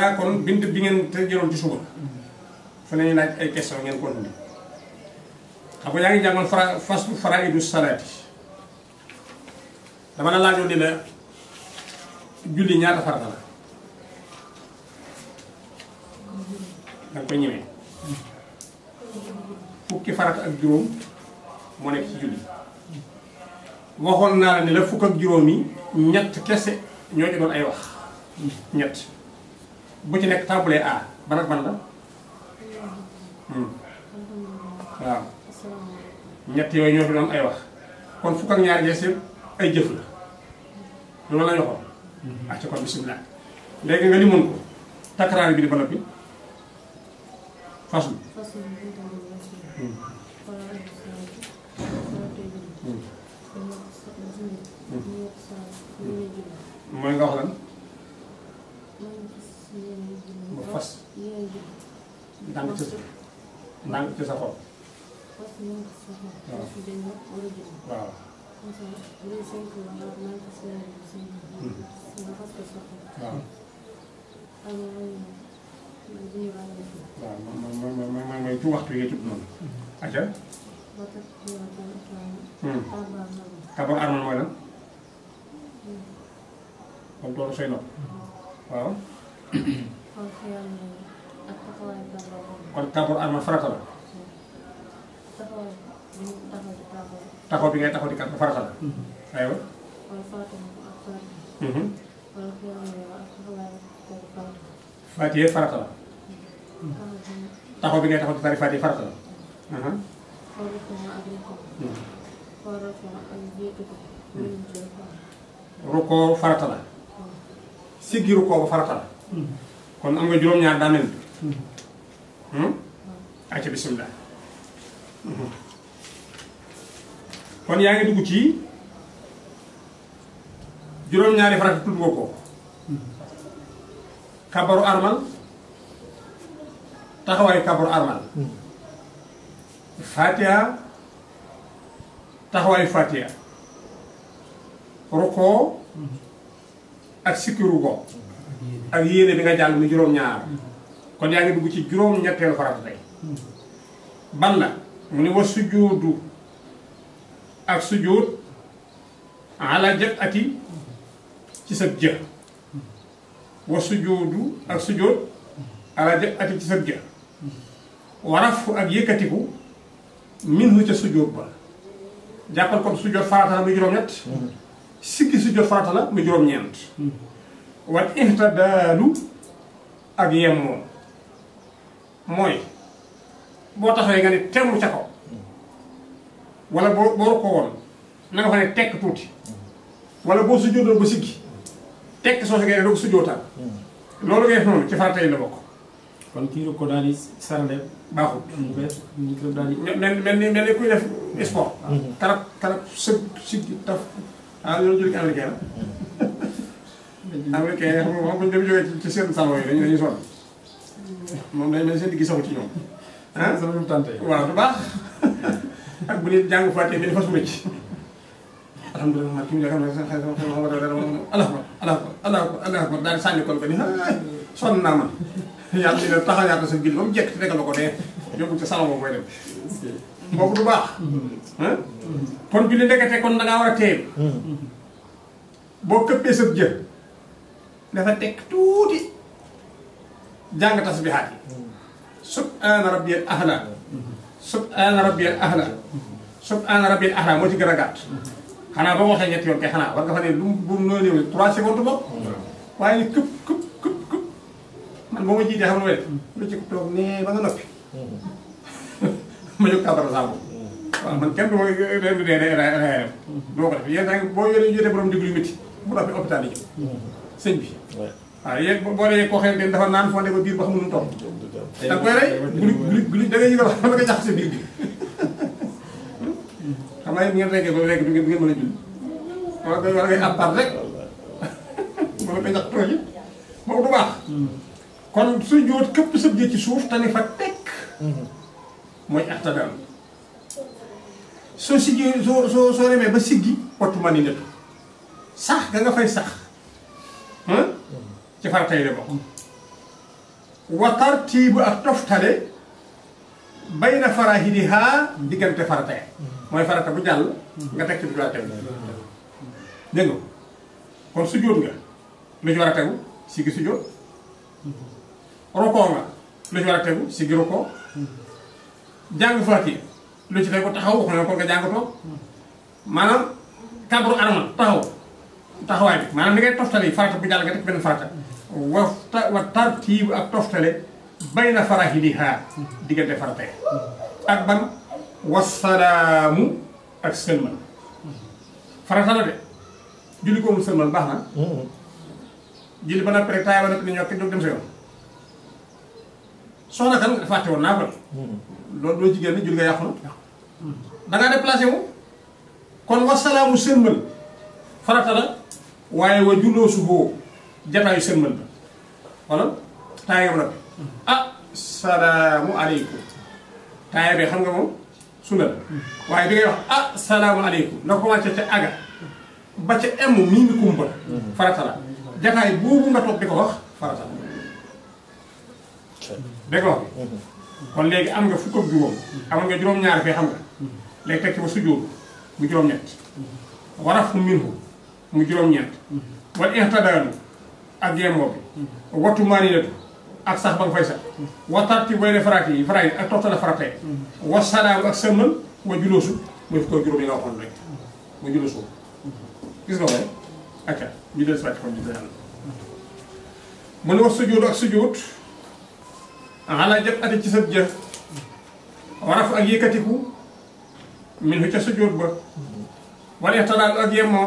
naa kon bind bi ngeen te jëloon ci suba fa lañuy laaj ay question ngeen continué xam nga yaa ngi jàngoon fara faslu faraidu salaati dama la laajoon ni la julli ñaata farata la danga koy ñëwee fukki farata ak juróom moo nekk ci julli waxoon naa la la fukk ak juróom yi ñett kese ñoo doon ay wax ñett bu ci nekk tàmbalee A ban ak ban la. waaw. ñett yooyu ñoo fi doon ay wax kon fukk ak ñaar gees yëpp ay jëf la loolu la ñu waxoon. ci kon bisimilah. léegi nga limoon ko takraar bi di ba noppi fasul. mooy nga wax lan. nga fas ndànk ci ndànk ci sa xol waaw waaw waaw mooy mooy mooy mooy ci waxtu yee tudd noonu. atia. Hmm. tabax armal mooy lan. kon loolu say nopp waaw. kon taxawaayu armal farata la. taxaw bi ngay taxaw di kàddu farata la. aywa. farata la. taxaw bi ngay taxaw di tari Faatiha farata la. rukkoo farata la. siggi rukkoo ba farata la. kon am nga juróom ñaar daaneel hmm. hmm? acca bismillah hmm. kon yaa ngi dugg ci juróom ñaari farata tudd nga ko kabaru armal taxawaayu kabaru armal fatiha taxawaayu fatiha ruko ak ruko ak yéene bi nga jàng mu juróom-ñaar mm-hmm. kon yaa ngi dugg ci juróom-ñetteelu farata tey mm-hmm. ban la mu ne wa sujuudu ak sujuud ala jët ati ci sa jë mm-hmm. wa sujuudu ak sujuud ci sa jë waraf ak yëkkatiku minhu ca sujuud ba jàppal kon sujuud farata la muy juróom-ñett sikki sujuud farata la muy juróom-ñeent wal ihtidaalu ak yem moom mooy boo taxawee nga ne temm ca kaw wala boo boo rukkoo woon na fa ne tekk tuuti wala boo sujjóotoo ba siggi tekk soo si ngay doog sujjóotaal loolu ngay def noonu ci farata la bokk. kon kii rukkoo daal di sarale baaxul. ñu koy daal di. mel mel ni mel ni kuy def sport. karab mhm. karab sëg siggi taf ah loolu jël ki ànd am nga kay moom buñ dem jógee ci seen salon yi dañu dañuy sonn moom day mel seen diggi saw ci ñoom ah sama ñum tànte waaw du baax ak bu nit jàng fàtte bi dafa su mëcc alhamdulilah ma kim xam ne sa xay sama xama wara dara moom allah akbar allah akbar allah akbar allah akbar daal sànni kon ko ni sonn naa man yàlla dina taxawaat sa julli ba mu jekk te nekkal ko dee yóbbu ci salon boobu koy dem kooku du baax kon julli ndekete kon da ngaa war a teey boo këppee sëb jë dafa tek tuti jang tasbihati subhana rabbiyal ahla subhana rabbiyal ahla subhana rabbiyal ahla mo ci garagat xana ba waxe ñet waxee ñetti yoon kay xanaa war nga fa ne lu bu no ñew 3 secondes bopp waye kup. këpp këpp këpp man boo ma jiitee xam ne lu ci tok nee ba nga nopi ma jóg kaabara saabu man kenn ko def borom diglu bu hôpital yi sëñ bi waaw ah, yeeg boo reyee koo xamante ni dafa naan fonde ba biir ba xamul nu toog da koy rey guli guli da ngay yëgal xam nga jaxase biir bi xam naa ngeen rekkee ba rekk du ngeen mën a julli wala ngay wala ngay abbar rek wala ngay ñax tooñ hmm. hmm. sax nga fay sax ci faratay la bokk wa tartiibu ak toftale bay na farahidihaa diggante faratay mooy farata bu jàll nga teg ci bu jula tegu dégg nga kon sujjóot nga lu ci war a tegu si sujjóot rokoo nga lu ci war tegu si gi rokoo jàng faati lu ci tegu taxaw kon nga jàng maanaam kabru armal taxaw taxawaay bi maanaam ni ngay toftale farata bi jàll nga teg benn farata wa wa tartiibu ak toftale bayna farahiliha diggante farata yi ak ban wasalaamu ak sëlmal farata la de julli ko mu sëlmal baax na julli ba noppi rek taay ba ñokki dem sa yoon soxna kan faati fàtte woon naa ko loolu doo jigéen ni julli nga yàqu da nga déplacé wu kon wasalaamu sëlmal farata la waaye wa julloo suboo jataayu sëlmal ba wala taaya bu ah salaamu aleykum taaya bi xam nga moom sunna la waaye bi ngay wax ah salaamu aleykum na ko ca ca em mii ngi kumba farata la jataay nga toog di ko wax farata la dégg kon léegi am nga fukk ak juróom am nga juróom-ñaar fee xam nga léegi teg ci ba sujjóot bu juróom-ñett waraf minhu mu juróom-ñeent mhm. wal ixtidaalu ak yemoo bi mhm. wattu maanilatu ak sax ba nga fay sax mhm. waxtaan ci boole faraat yi faraat yi ak toftale yi wasalaamu ak sëmmal fi koy juróom yi nga waxoon rek mu juloosu gis nga ko acca ñu del sàcc ak jëf ati ci sa ak yëkkatiku min fi ca sujjóot ba wala ixtidaalu ak yemoo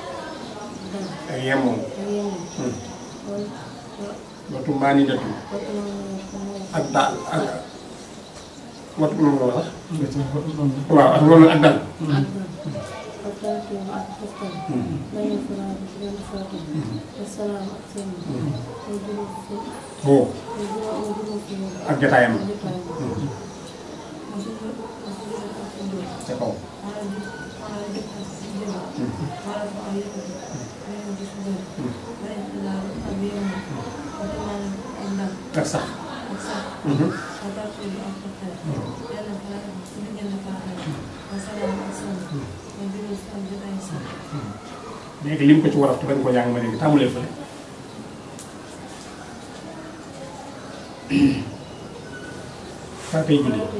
ak yemoon watu maani datu ak daal ak watu lu mu wax waaw ak loolu ak daal boo ak jotaayam ca ak sax. léegi lim ko ci waral te bañ ko jàng ma léegi tàmbalee fële. faratay julli waaw.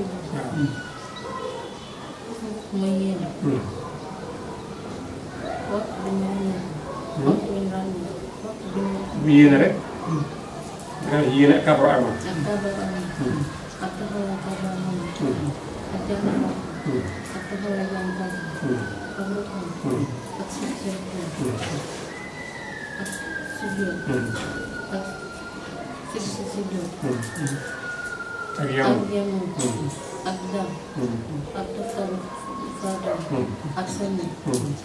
yéene rek yéene ak kabaru armal ak taxaw la kabaru armal ak jàng ak taxaw la jàng ak rukum ak sujjood ak sujjood ak sujjood sujjood ak yamu ak dam ak taxaw doom ak seen i.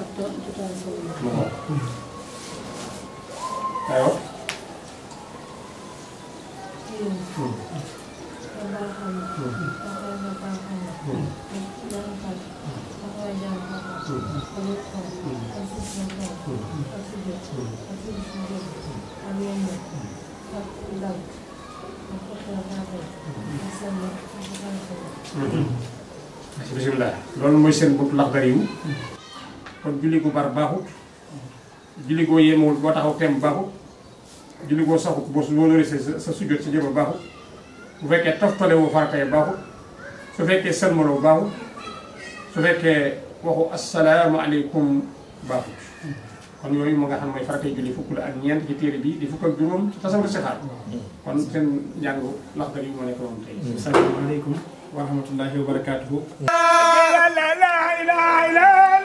ak doom ci toolu seen i. aywa. Mm-hmm. bisimilah loolu mooy seen bunt laxdar yu kon julli gu bar baaxut julli goo yéemawul boo taxaw teem baaxut julli goo saxut boo boo lori sa sa sujjóot si jëba baaxut bu fekkee toftale wu faratay baaxut su fekkee sëlmaloo baaxut su fekkee waxu asalaamaaleykum baaxut kon yooyu mu nga xam mooy faratay julli fukk la ak ñeent ci téere bi di fukk ak juróom ci tasawul si xaar mm. kon seen njàng laxdar yu moo nekk moom tey mm. asalaamaaleykum wa rahmatullahi wa barakaatuhu.